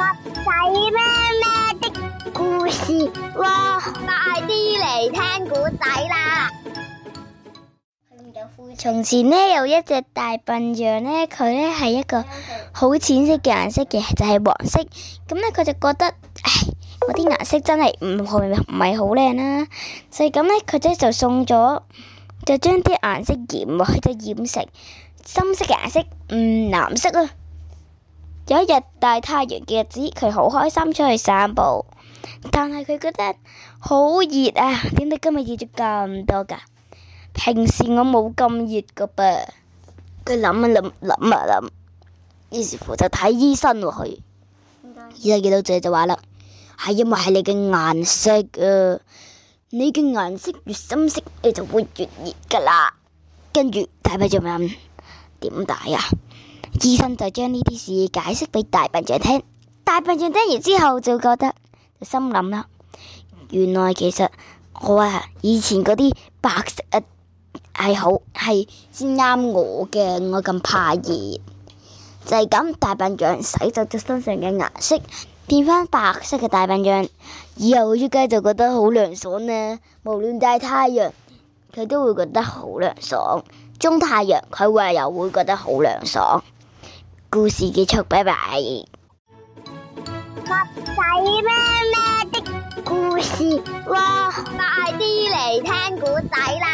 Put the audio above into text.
仔咩咩的故事喎，快啲嚟聽古仔啦！從前咧，有一隻大笨象咧，佢咧係一個好淺色嘅顏色嘅，就係黃色。咁咧佢就覺得唉，我啲顏色真係唔係唔係好靚啦。所以咁咧佢咧就送咗，就將啲顏色染啊，就染成深色嘅顏色，嗯，藍色啦。有一日大太陽嘅日子，佢好開心出去散步，但係佢覺得好熱啊！點解今日熱咗咁多噶？平時我冇咁熱噶噃。佢諗啊諗諗啊諗，於是乎就睇醫生落、啊、去。醫生見到姐就話啦：係因為係你嘅顏色啊，你嘅顏色越深色，你就會越熱噶啦。跟住睇下做咩點解啊？看看醫生就將呢啲事解釋畀大笨象聽，大笨象聽完之後就覺得就心諗啦，原來其實我啊以前嗰啲白色啊係好係先啱我嘅，我咁怕熱就係咁。大笨象洗咗咗身上嘅顏色，變翻白色嘅大笨象以後出街就覺得好涼爽啊！無論大太陽佢都會覺得好涼爽，中太陽佢話又會覺得好涼爽。故事結束，拜拜。襪仔咩咩的故事喎，快啲嚟聽故事啦！